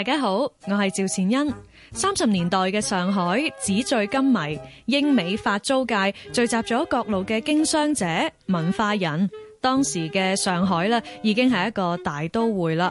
大家好，我係趙倩欣。三十年代嘅上海，紙醉金迷，英美法租界聚集咗各路嘅經商者、文化人。當時嘅上海呢，已經係一個大都會啦。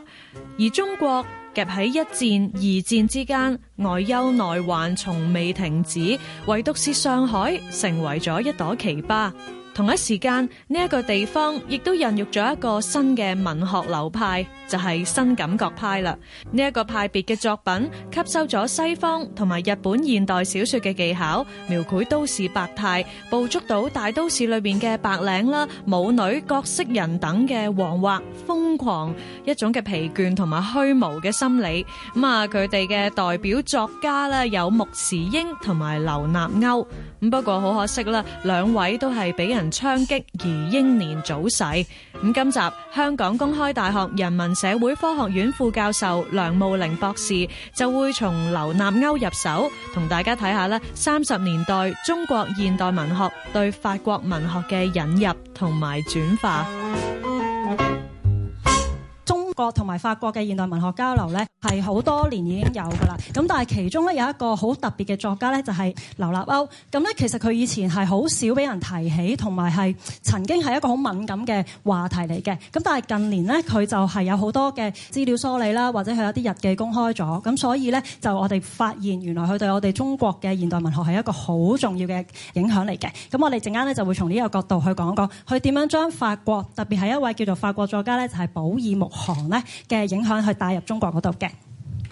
而中國夾喺一戰、二戰之間，外憂內患從未停止，唯獨是上海成為咗一朵奇葩。同一時間，呢一個地方亦都孕育咗一個新嘅文學流派，就係新感覺派啦。呢一個派別嘅作品吸收咗西方同埋日本現代小說嘅技巧，描繪都市百態，捕捉到大都市裏邊嘅白領啦、舞女、各式人等嘅惶惑、瘋狂一種嘅疲倦同埋虛無嘅心理。咁啊，佢哋嘅代表作家呢，有穆時英同埋劉吶鷗。咁不過好可惜啦，兩位都係俾人槍擊而英年早逝。咁今集，香港公開大學人文社會科學院副教授梁慕靈博士就會從劉吶鷗入手，同大家睇下呢三十年代中國現代文學對法國文學嘅引入同埋轉化。國同埋法國嘅現代文學交流呢，係好多年已經有㗎啦。咁但係其中呢，有一個好特別嘅作家呢，就係、是、劉吶鷗。咁呢，其實佢以前係好少俾人提起，同埋係曾經係一個好敏感嘅話題嚟嘅。咁但係近年呢，佢就係有好多嘅資料梳理啦，或者係有啲日記公開咗。咁所以呢，就我哋發現原來佢對我哋中國嘅現代文學係一個好重要嘅影響嚟嘅。咁我哋陣間呢，就會從呢個角度去講一講，佢點樣將法國特別係一位叫做法國作家呢，就係、是、保爾·穆杭。咧嘅影響去帶入中國嗰度嘅。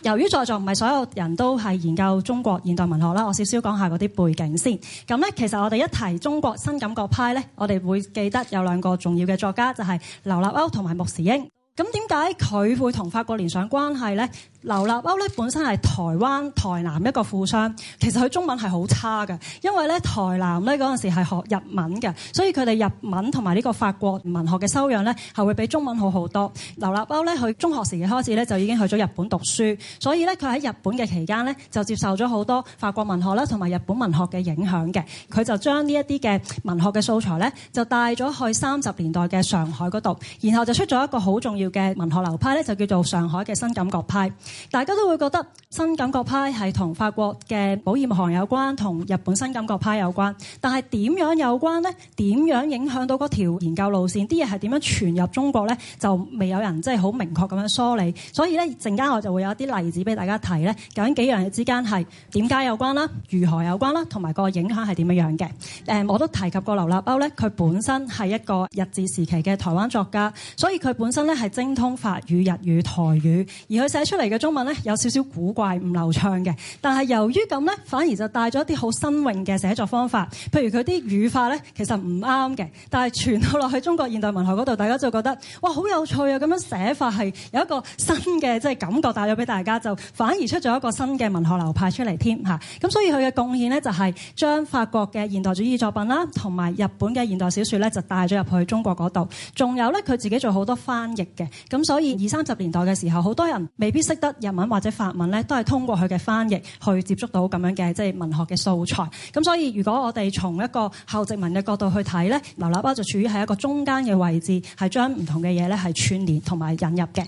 由於在座唔係所有人都係研究中國現代文學啦，我少少講下嗰啲背景先。咁咧，其實我哋一提中國新感覺派咧，我哋會記得有兩個重要嘅作家，就係、是、劉吶鷗同埋穆時英。咁點解佢會同法國聯上關係咧？劉吶鷗咧本身係台灣台南一個富商，其實佢中文係好差嘅，因為咧台南咧嗰陣時係學日文嘅，所以佢哋日文同埋呢個法國文學嘅修養咧係會比中文好好多。劉吶鷗咧佢中學時嘅開始咧就已經去咗日本讀書，所以咧佢喺日本嘅期間咧就接受咗好多法國文學啦同埋日本文學嘅影響嘅，佢就將呢一啲嘅文學嘅素材咧就帶咗去三十年代嘅上海嗰度，然後就出咗一個好重要嘅文學流派咧，就叫做上海嘅新感覺派。大家都會覺得新感覺派係同法國嘅保險行有關，同日本新感覺派有關。但係點樣有關呢？點樣影響到嗰條研究路線？啲嘢係點樣傳入中國呢？就未有人即係好明確咁樣梳理。所以呢，陣間我就會有啲例子俾大家睇咧，究竟幾樣之間係點解有關啦？如何有關啦？同埋個影響係點樣樣嘅、嗯？我都提及過劉吶鷗呢佢本身係一個日治時期嘅台灣作家，所以佢本身呢係精通法語、日語、台語，而佢寫出嚟嘅。中文咧有少少古怪唔流暢嘅，但係由於咁咧，反而就帶咗一啲好新穎嘅寫作方法，譬如佢啲語法咧，其實唔啱嘅，但係傳到落去中國現代文學嗰度，大家就覺得哇好有趣啊！咁樣寫法係有一個新嘅即係感覺帶咗俾大家，就反而出咗一個新嘅文學流派出嚟添嚇。咁所以佢嘅貢獻咧就係將法國嘅現代主義作品啦，同埋日本嘅現代小說咧，就帶咗入去中國嗰度。仲有咧，佢自己做好多翻譯嘅，咁所以二三十年代嘅時候，好多人未必識得。日文或者法文咧，都係通過佢嘅翻譯去接觸到咁樣嘅即係文學嘅素材。咁所以，如果我哋從一個後殖民嘅角度去睇咧，劉吶鷗就處於喺一個中間嘅位置，係將唔同嘅嘢咧係串聯同埋引入嘅。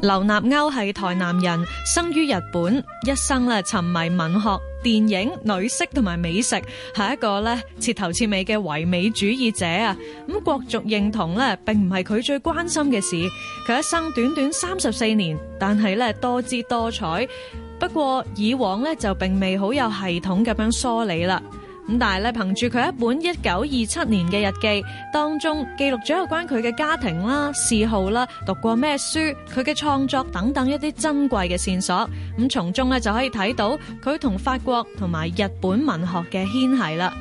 劉吶鷗係台南人生於日本，一生咧沉迷文學。電影、女色同埋美食係一個咧徹頭徹尾嘅唯美主義者啊！咁國族認同咧，並唔係佢最關心嘅事。佢一生短短三十四年，但係咧多姿多彩。不過以往咧就並未好有系統咁樣梳理啦。咁但係咧，憑住佢一本一九二七年嘅日記當中記錄咗有關佢嘅家庭啦、嗜好啦、讀過咩書、佢嘅創作等等一啲珍貴嘅線索，咁從中咧就可以睇到佢同法國同埋日本文學嘅牽繫啦。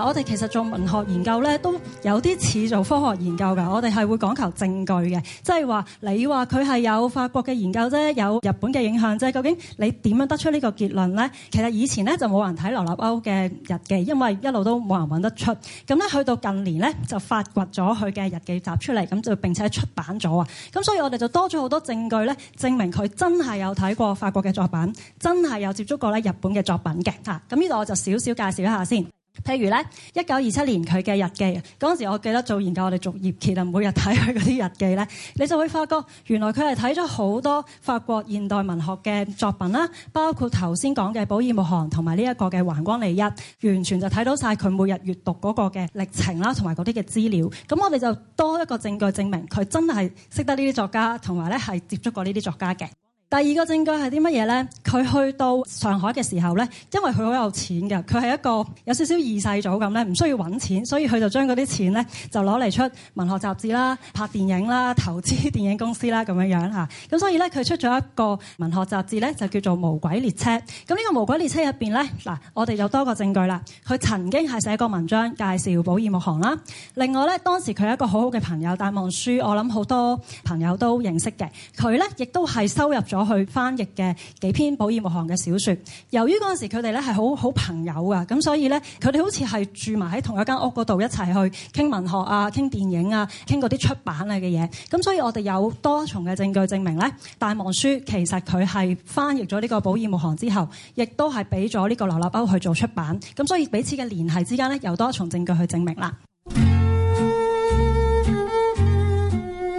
我哋其實做文學研究咧，都有啲似做科學研究㗎。我哋係會講求證據嘅，即係話你話佢係有法國嘅研究啫，有日本嘅影響啫。究竟你點樣得出呢個結論呢？其實以前呢，就冇人睇劉吶鷗嘅日記，因為一路都冇人揾得出。咁咧去到近年呢，就發掘咗佢嘅日記集出嚟，咁就並且出版咗啊。咁所以我哋就多咗好多證據呢，證明佢真係有睇過法國嘅作品，真係有接觸過日本嘅作品嘅。嚇，咁呢度我就少少介紹一下先。譬如咧，一九二七年佢嘅日記嗰陣時，我記得做研究我們，我哋逐頁其實每日睇佢嗰啲日記咧，你就會發覺原來佢係睇咗好多法國現代文學嘅作品啦，包括頭先講嘅保爾·穆杭同埋呢一個嘅橫光利一，完全就睇到曬佢每日閱讀嗰個嘅歷程啦，同埋嗰啲嘅資料。咁我哋就多一個證據證明佢真係識得呢啲作家，同埋咧係接觸過呢啲作家嘅。第二個證據係啲乜嘢呢？佢去到上海嘅時候呢，因為佢好有錢嘅，佢係一個有少少二世祖咁咧，唔需要揾錢，所以佢就將嗰啲錢呢，就攞嚟出文學雜誌啦、拍電影啦、投資電影公司啦咁樣樣嚇。咁、啊、所以呢，佢出咗一個文學雜誌呢，就叫做《無軌列車》。咁、這、呢個《無軌列車》入邊呢，嗱，我哋有多個證據啦。佢曾經係寫過文章介紹保爾穆杭啦。另外呢，當時佢係一個好好嘅朋友戴望舒，我諗好多朋友都認識嘅。佢呢，亦都係收入咗去翻譯嘅幾篇保爾莫航嘅小說，由於嗰陣時佢哋咧係好好朋友啊，咁所以咧，佢哋好似係住埋喺同一間屋嗰度一齊去傾文學啊，傾電影啊，傾嗰啲出版啊嘅嘢。咁所以我哋有多重嘅證據證明咧，戴望舒其實佢係翻譯咗呢個保爾莫航之後，亦都係俾咗呢個劉吶鷗去做出版。咁所以彼此嘅聯繫之間咧，有多重證據去證明啦。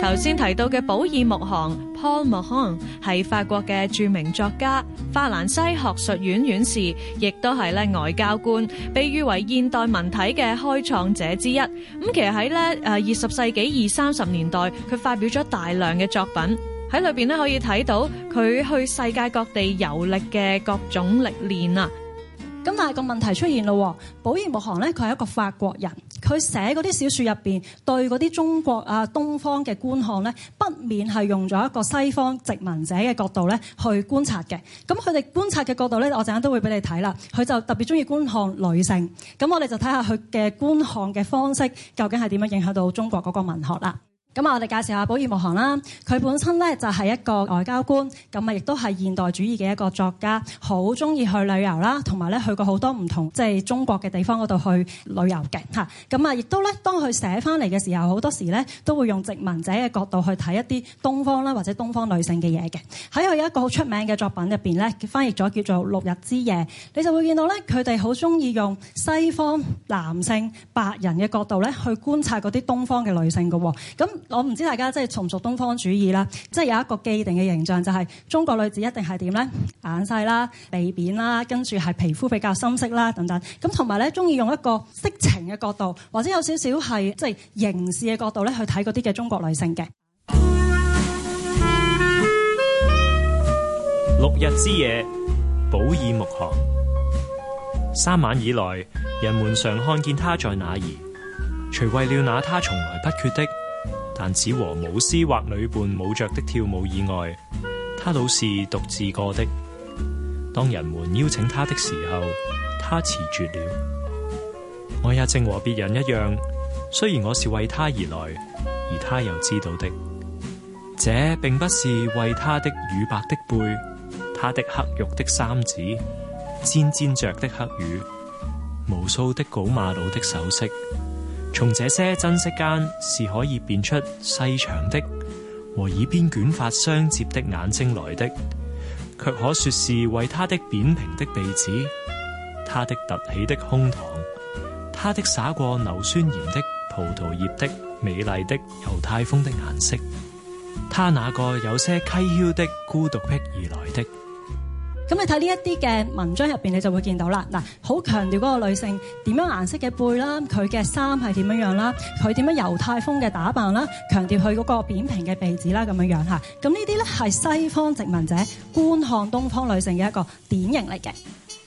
頭先提到嘅保爾·莫杭 （Paul Morand） 係法國嘅著名作家、法蘭西學術院院士，亦都係咧外交官，被譽為現代文體嘅開創者之一。咁其實喺咧誒二十世紀二三十年代，佢發表咗大量嘅作品，喺裏邊咧可以睇到佢去世界各地遊歷嘅各種歷練啊。咁但係個問題出現咯，保爾·莫杭咧佢係一個法國人。佢寫嗰啲小説入邊對嗰啲中國啊東方嘅觀看咧，不免係用咗一個西方殖民者嘅角度去觀察嘅。咁佢哋觀察嘅角度咧，我陣間都會俾你睇啦。佢就特別鍾意觀看女性，咁我哋就睇下佢嘅觀看嘅方式究竟係點樣影響到中國嗰個文學啦。咁啊，那我哋介紹下保爾莫杭啦。佢本身呢，就係、是、一個外交官，咁啊亦都係現代主義嘅一個作家，好鍾意去旅遊啦，同埋去過好多唔同即係中國嘅地方嗰度去旅遊嘅嚇。咁啊，亦都呢當佢寫返嚟嘅時候，好多時呢都會用殖民者嘅角度去睇一啲東方啦或者東方女性嘅嘢嘅。喺佢有一個好出名嘅作品入面呢，佢翻譯咗叫做《六日之夜》，你就會見到呢，佢哋好鍾意用西方男性白人嘅角度呢去觀察嗰啲東方嘅女性嘅喎、哦。我唔知大家即係從屬東方主義啦，即係有一個既定嘅形象，就係、是、中國女子一定係點咧？眼細啦、鼻扁啦，跟住係皮膚比較深色啦等等。咁同埋咧，鍾意用一個色情嘅角度，或者有少少係即係刑事嘅角度咧，去睇嗰啲嘅中國女性嘅。六日之夜，寶爾木寒。三晚以來，人們常看見她在哪兒，除為了那她從來不缺的。但只和舞師或女伴舞着的跳舞以外，他老是獨自過的。當人們邀請他的時候，他辭絕了。我也正和別人一樣，雖然我是為他而來，而他又知道的。這並不是為他的乳白的背，他的黑玉的三指，尖尖着的黑羽，無數的古馬佬的首飾。從這些珍惜間是可以辨出細長的和耳邊捲髮相接的眼睛來的，卻可說是為他的扁平的鼻子、他的凸起的胸膛、他的灑過硫酸鹽的葡萄葉的美麗的猶太風的顏色，他那個有些蹊蹺的孤獨癖而來的。咁你睇呢一啲嘅文章入邊，你就會見到啦。嗱，好強調嗰個女性點樣顏色嘅背啦，佢嘅衫係點樣樣啦，佢點樣猶太風嘅打扮啦，強調佢嗰個扁平嘅鼻子啦，咁樣樣吓，咁呢啲咧係西方殖民者觀看東方女性嘅一個典型嚟嘅。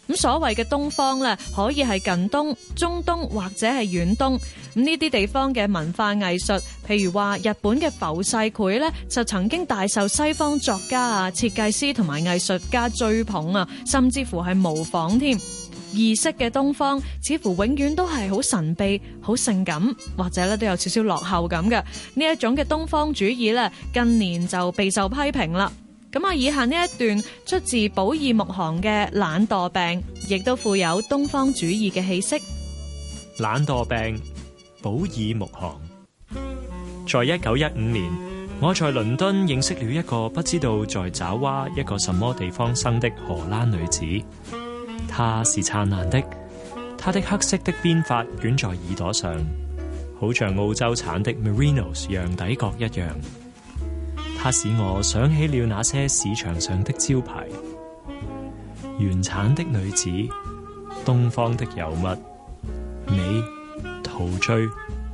咁所謂嘅東方咧，可以係近東、中東或者係遠東，咁呢啲地方嘅文化藝術，譬如話日本嘅浮世繪咧，就曾經大受西方作家啊、設計師同埋藝術家追捧啊，甚至乎係模仿添。儀式嘅東方似乎永遠都係好神秘、好性感，或者咧都有少少落後感嘅呢一種嘅東方主義咧，近年就備受批評啦。咁啊！我以下呢一段出自保爾·穆杭嘅《懶惰病》，亦都富有東方主義嘅氣息。懶惰病，保爾·穆杭。在一九一五年，我在倫敦認識了一個不知道在爪哇一個什麼地方生的荷蘭女子。她是燦爛的，她的黑色的辮髮捲在耳朵上，好像澳洲產的 Merinos 羊底角一樣。它使我想起了那些市場上的招牌：原產的女子、東方的尤物、美、陶醉、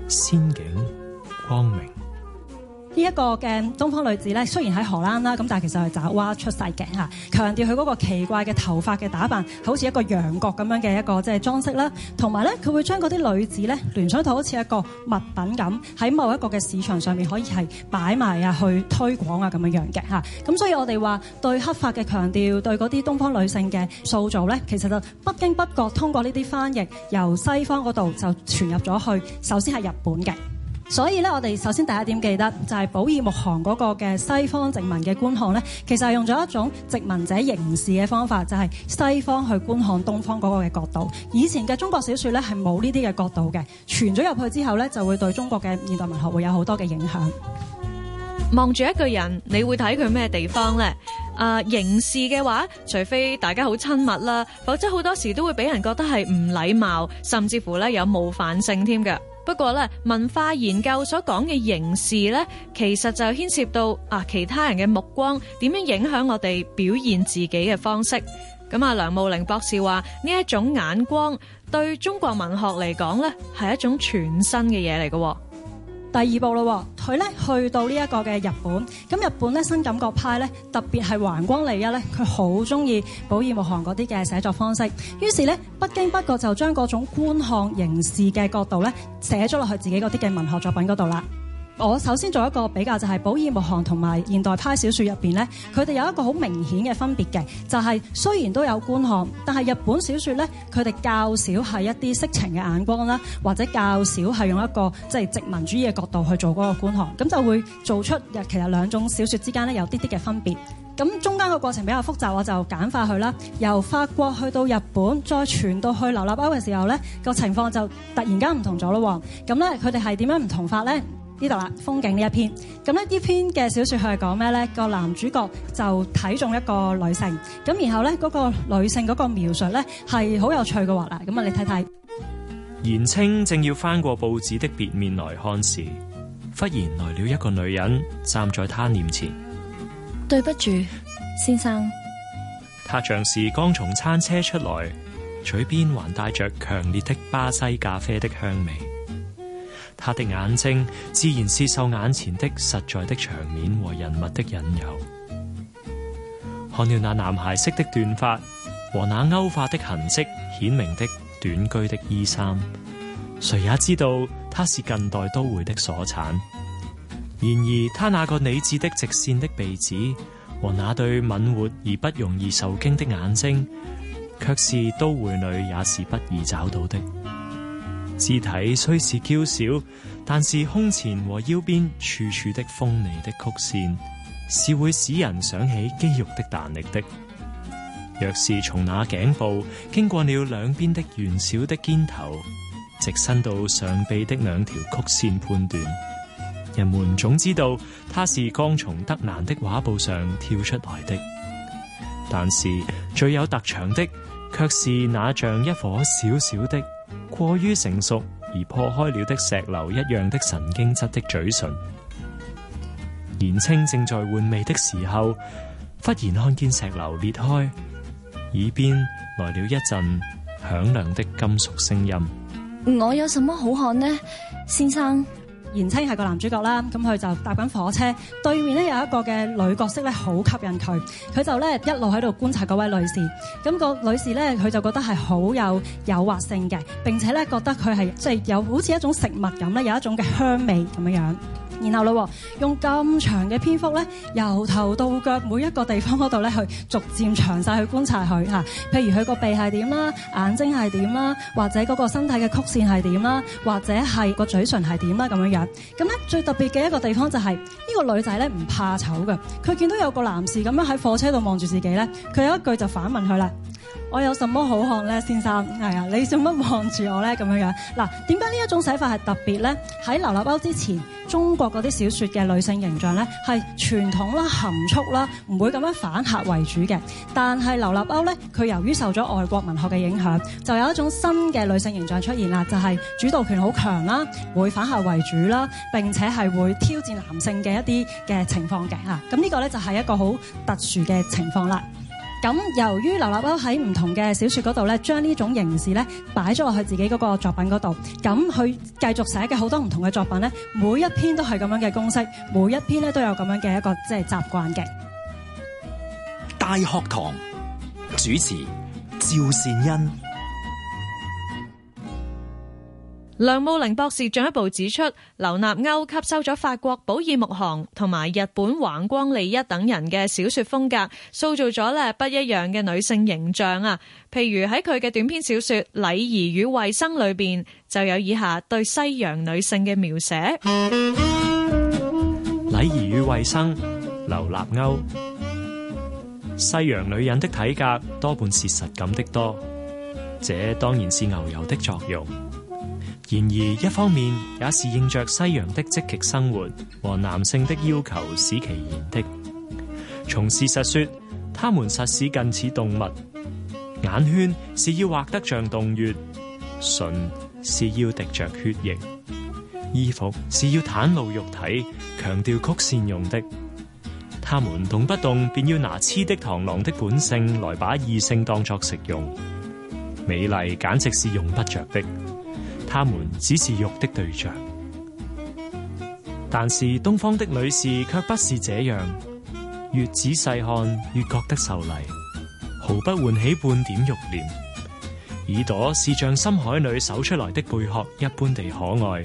仙境、光明。呢一個東方女子咧，雖然喺荷蘭啦，但其實係爪哇出世嘅嚇，強調佢嗰個奇怪嘅頭髮嘅打扮，好似一個羊角咁樣嘅一個即係裝飾啦，同埋呢，佢會將嗰啲女子咧聯想到好似一個物品咁，喺某一個嘅市場上面可以係擺賣啊去推廣啊咁樣樣嘅嚇，咁所以我哋話對黑髮嘅強調，對嗰啲東方女性嘅塑造呢，其實就不經不覺通過呢啲翻譯由西方嗰度就傳入咗去，首先係日本嘅。所以咧，我哋首先第一點記得就係保爾穆杭嗰個嘅西方殖民嘅觀看咧，其實係用咗一種殖民者凝視嘅方法，就係西方去觀看東方嗰個嘅角度。以前嘅中國小説咧係冇呢啲嘅角度嘅，傳咗入去之後咧就會對中國嘅現代文學會有好多嘅影響。望住一個人，你會睇佢咩地方咧？啊、呃，凝視嘅話，除非大家好親密啦，否則好多時都會俾人覺得係唔禮貌，甚至乎咧有冒犯性添嘅。不過咧，文化研究所講嘅凝視咧，其實就牽涉到啊其他人嘅目光點樣影響我哋表現自己嘅方式。咁啊，梁慕靈博士話呢一種眼光對中國文學嚟講咧，係一種全新嘅嘢嚟嘅。第二步咯，佢呢去到呢一個嘅日本，咁日本呢新感覺派呢，特別係橫光利一呢，佢好中意保爾穆杭啲嘅寫作方式，於是呢，不經不覺就將各種觀看凝視嘅角度呢，寫咗落去自己嗰啲嘅文學作品嗰度啦。我首先做一個比較，就係《保爾穆杭》同埋現代派小説入面呢。呢佢哋有一個好明顯嘅分別嘅，就係、是、雖然都有觀看，但係日本小説呢，佢哋較少係一啲色情嘅眼光啦，或者較少係用一個即係、就是、殖民主義嘅角度去做嗰個觀看，咁就會做出其實兩種小説之間呢有啲啲嘅分別。咁中間個過程比較複雜，我就簡化佢啦。由法國去到日本，再傳到去劉吶鷗嘅時候呢個情況就突然間唔同咗咯。咁呢，佢哋係點樣唔同法呢？呢度啦，風景呢一篇，咁咧呢篇嘅小説佢係講咩呢？個男主角就睇中一個女性，咁然後呢，嗰個女性嗰個描述呢，係好有趣嘅話啦，咁啊你睇睇。言青正要翻過報紙的別面來看時，忽然來了一個女人站在他面前。對不住，先生。他像是剛從餐車出來，嘴邊還帶着強烈的巴西咖啡的香味。他的眼睛自然是受眼前的實在的場面和人物的引誘，看了那男孩式的斷髮和那歐化的痕跡顯明的短居的衣衫，誰也知道他是近代都會的所產。然而他那個理智的直線的鼻子和那對敏活而不容易受驚的眼睛，卻是都會裏也是不易找到的。肢體雖是嬌小，但是胸前和腰邊處處的鋒利的曲線，是會使人想起肌肉的彈力的。若是從那頸部經過了兩邊的圓小的肩頭，直伸到上臂的兩條曲線判斷，人們總知道他是剛從德蘭的畫布上跳出來的。但是最有特長的，卻是那像一顆小小小的。過於成熟而破開了的石榴一樣的神經質的嘴唇，年青正在換味的時候，忽然看見石榴裂開，耳邊來了一陣響亮的金屬聲音。我有什麼好看呢，先生？言青係個男主角啦，咁佢就搭緊火車，對面有一個嘅女角色咧好吸引佢，佢就咧一路喺度觀察嗰位女士，咁、那個女士呢，佢就覺得係好有誘惑性嘅，並且呢覺得佢係即係有好似一種食物咁咧有一種嘅香味咁樣。然後嘞，用咁長嘅篇幅咧，由頭到腳每一個地方嗰度咧，去逐漸詳細去觀察佢嚇。譬如佢個鼻係點啦，眼睛係點啦，或者嗰個身體嘅曲線係點啦，或者係個嘴唇係點啦咁樣樣。咁咧最特別嘅一個地方就係呢個女仔咧唔怕醜嘅。佢見到有個男士咁樣喺火車度望住自己咧，佢有一句就反問佢啦。我有什麼好看呢？先生？係啊，你做乜望住我呢？咁樣樣嗱，點解呢一種寫法係特別呢？喺劉吶鷗之前，中國嗰啲小說嘅女性形象咧係傳統啦、含蓄啦，唔會咁樣反客為主嘅。但係劉吶鷗呢，佢由於受咗外國文學嘅影響，就有一種新嘅女性形象出現啦，就係、是、主導權好強啦，會反客為主啦，並且係會挑戰男性嘅一啲嘅情況嘅嚇。咁呢個咧就係一個好特殊嘅情況啦。咁由於劉吶鷗喺唔同嘅小說嗰度咧，將呢種形式咧擺咗落去自己嗰個作品嗰度，咁佢繼續寫嘅好多唔同嘅作品咧，每一篇都係咁樣嘅公式，每一篇咧都有咁樣嘅一個即係習慣嘅。大學堂主持趙善恩。梁慕靈博士進一步指出，劉吶鷗吸收咗法國保爾木行同埋日本橫光利一等人嘅小說風格，塑造咗咧不一樣嘅女性形象啊。譬如喺佢嘅短篇小說《禮儀與衛生》裏邊，就有以下對西洋女性嘅描寫：《禮儀與衛生》，劉吶鷗。西洋女人的體格多半是實感的多，這當然是牛油的作用。然而，一方面也是應着西洋的積極生活和男性的要求使其然的。從事實說，他們實是近似動物，眼圈是要畫得像洞穴，唇是要滴着血液，衣服是要袒露肉體，強調曲線用的，他們動不動便要拿痴的螳螂的本性來把異性當作食用，美麗簡直是用不着的。他們只是肉的對象，但是東方的女士卻不是這樣。越仔細看，越覺得秀麗，毫不喚起半點欲念。耳朵是像深海裏搜出來的貝殼一般地可愛，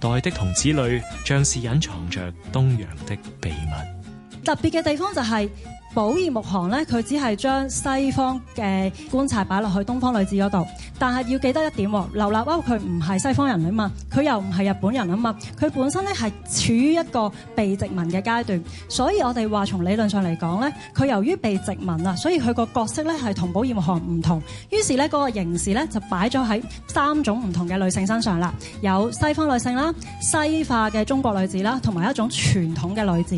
黛的瞳子裏像是隱藏着東洋的秘密。特別嘅地方就係、是。保爾穆杭咧，佢只係將西方嘅棺材擺落去東方女子嗰度，但係要記得一點，劉吶鷗佢唔係西方人啊嘛，佢又唔係日本人啊嘛，佢本身咧係處於一個被殖民嘅階段，所以我哋話從理論上嚟講咧，佢由於被殖民啊，所以佢個角色咧係同保爾穆杭唔同，於是咧嗰個形式咧就擺咗喺三種唔同嘅女性身上啦，有西方女性啦、西化嘅中國女子啦，同埋一種傳統嘅女子，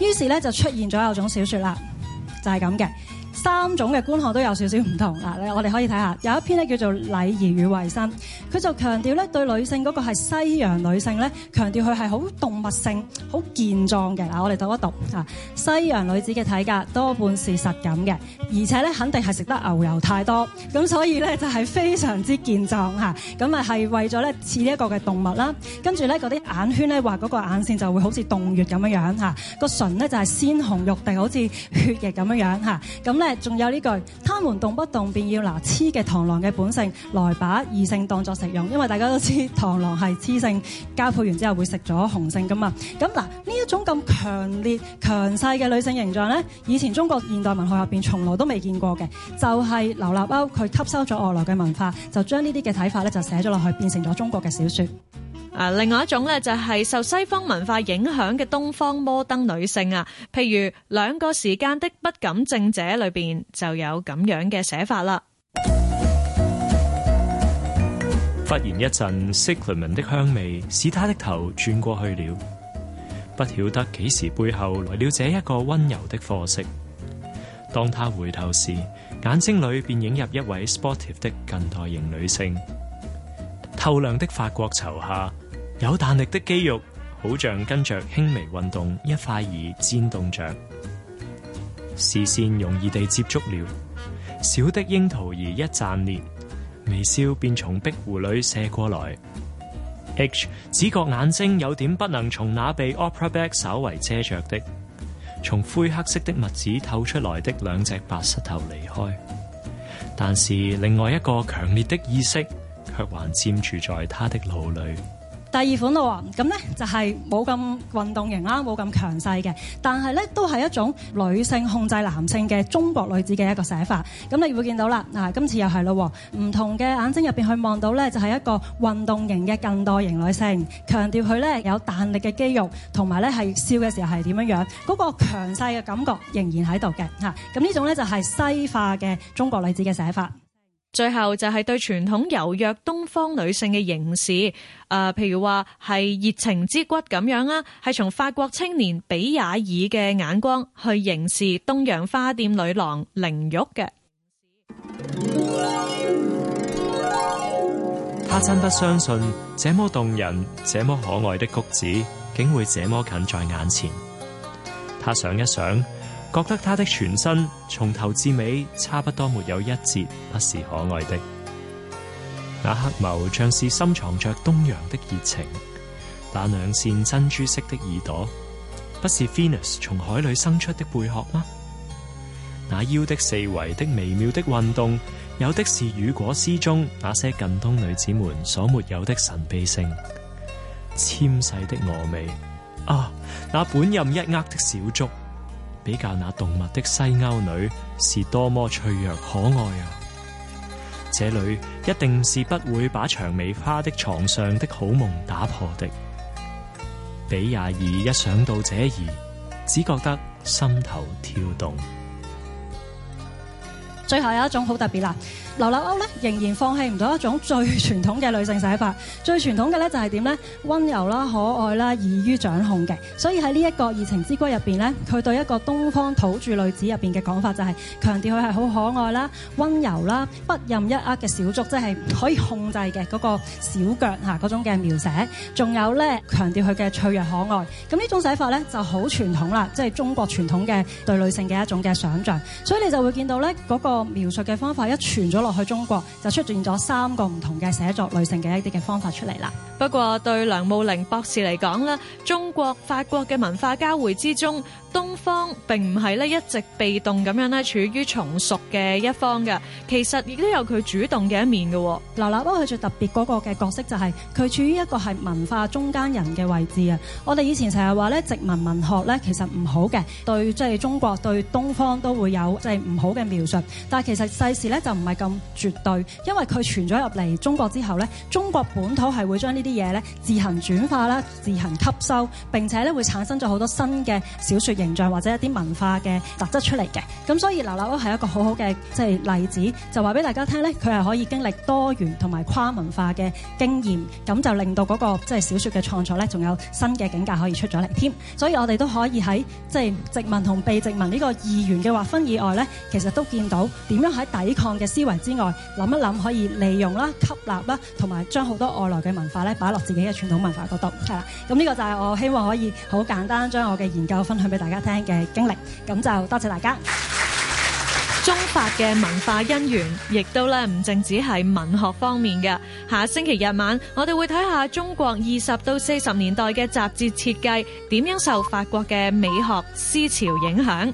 於是咧就出現咗有種小説啦。係咁嘅。三種嘅觀看都有少少唔同啊！我哋可以睇下，有一篇咧叫做《禮儀與衞生》，佢就強調咧對女性嗰個係西洋女性咧，強調佢係好動物性、好健壯嘅。嗱、啊，我哋讀一讀啊！西洋女子嘅體格多半是實感嘅，而且咧肯定係食得牛油太多，咁所以咧就係、是、非常之健壯嚇。咁啊係為咗咧似一個嘅動物啦，跟住咧嗰啲眼圈咧畫嗰個眼線就會好似動越咁樣樣嚇，個、啊、唇咧就係鮮紅欲滴，好似血液咁樣樣嚇，咁、啊、咧。仲有呢句，他們動不動便要拿雌嘅螳螂嘅本性來把異性當作食用，因為大家都知螳螂係雌性交配完之後會食咗雄性噶嘛。咁嗱，呢一種咁強烈強勢嘅女性形象咧，以前中國現代文學入邊從來都未見過嘅，就係、是、劉吶鷗佢吸收咗外來嘅文化，就將呢啲嘅睇法咧就寫咗落去，變成咗中國嘅小説。啊，另外一種呢，就係受西方文化影響嘅東方摩登女性啊，譬如《兩個時間的不感症者》裏邊就有咁樣嘅寫法啦。忽然一陣絲綿的香味，使他的頭轉過去了。不曉得幾時背後來了這一個溫柔的貨色。當他回頭時，眼睛裏便映入一位 sportive 的近代型女性。透亮的法國綢下，有彈力的肌肉，好像跟着輕微運動一塊兒顫動着。視線容易地接觸了小的櫻桃兒一綻裂，微笑便從壁壺裏射過來。H 只覺眼睛有點不能從那被 Opera Bag 稍為遮着的，從灰黑色的襪子透出來的兩隻白膝頭離開，但是另外一個強烈的意識。卻還佔住在他的腦裏。第二款咯，咁咧就係冇咁運動型啦，冇咁強勢嘅，但係咧都係一種女性控制男性嘅中國女子嘅一個寫法。咁你會見到啦，嗱，今次又係咯，唔同嘅眼睛入邊去望到咧，就係一個運動型嘅近代型女性，強調佢咧有彈力嘅肌肉，同埋咧係笑嘅時候係點樣樣，嗰個強勢嘅感覺仍然喺度嘅。吓，咁呢種咧就係西化嘅中國女子嘅寫法。最後就係對傳統柔弱東方女性嘅凝視，誒、呃，譬如話係熱情之骨咁樣啦，係從法國青年比雅爾嘅眼光去凝視東洋花店女郎玲玉嘅。他真不相信，這麼動人、這麼可愛的谷子，竟會這麼近在眼前。他想一想。覺得他的全身從頭至尾差不多沒有一節不是可愛的。那黑眸像是深藏着東洋的熱情，那兩扇珍珠色的耳朵，不是 Venus 從海裏生出的貝殼嗎？那腰的四圍的微妙的運動，有的是雨果詩中那些近東女子們所沒有的神秘性。纖細的峨眉啊，那本任一握的小足。比較那動物的西歐女是多麼脆弱可愛啊！這裏一定是不會把薔薇花的床上的好夢打破的。比亞爾一想到這兒，只覺得心頭跳動。最後有一種好特別啦，劉吶鷗呢仍然放棄唔到一種最傳統嘅女性寫法，最傳統嘅呢就係點呢？溫柔啦、可愛啦、易於掌控嘅。所以喺呢一個《熱情之骨》入邊呢佢對一個東方土著女子入邊嘅講法就係、是、強調佢係好可愛啦、溫柔啦、不任一握嘅小足，即、就、係、是、可以控制嘅嗰個小腳嚇嗰種嘅描寫。仲有呢強調佢嘅脆弱可愛。咁呢種寫法呢就好傳統啦，即、就、係、是、中國傳統嘅對女性嘅一種嘅想像。所以你就會見到呢嗰、那個。描述嘅方法一傳咗落去中國，就出現咗三個唔同嘅寫作類型嘅一啲嘅方法出嚟啦。不過對梁慕靈博士嚟講咧，中國法國嘅文化交匯之中，東方並唔係咧一直被動咁樣咧處於從屬嘅一方嘅，其實亦都有佢主動嘅一面嘅。嗱，劉吶鷗佢最特別嗰個嘅角色就係、是、佢處於一個係文化中間人嘅位置啊！我哋以前成日話咧殖民文學咧其實唔好嘅，對即係中國對東方都會有即係唔好嘅描述。但其實世事呢，就唔係咁絕對，因為佢傳咗入嚟中國之後呢，中國本土係會將呢啲嘢呢自行轉化啦、自行吸收，並且呢會產生咗好多新嘅小説形象或者一啲文化嘅特質出嚟嘅。咁所以劉吶鷗係一個好好嘅即係例子，就話俾大家聽呢，佢係可以經歷多元同埋跨文化嘅經驗，咁就令到嗰個即係小説嘅創作呢，仲有新嘅境界可以出咗嚟添。所以我哋都可以喺即係殖民同被殖民呢個二元嘅劃分以外呢，其實都見到。點樣喺抵抗嘅思維之外，諗一諗可以利用啦、吸納啦，同埋將好多外來嘅文化咧擺落自己嘅傳統文化嗰度，係啦。咁呢個就係我希望可以好簡單將我嘅研究分享俾大家聽嘅經歷。咁就多謝大家。中法嘅文化因緣，亦都咧唔淨止係文學方面嘅。下星期日晚，我哋會睇下中國二十到四十年代嘅雜誌設計，點樣受法國嘅美學思潮影響。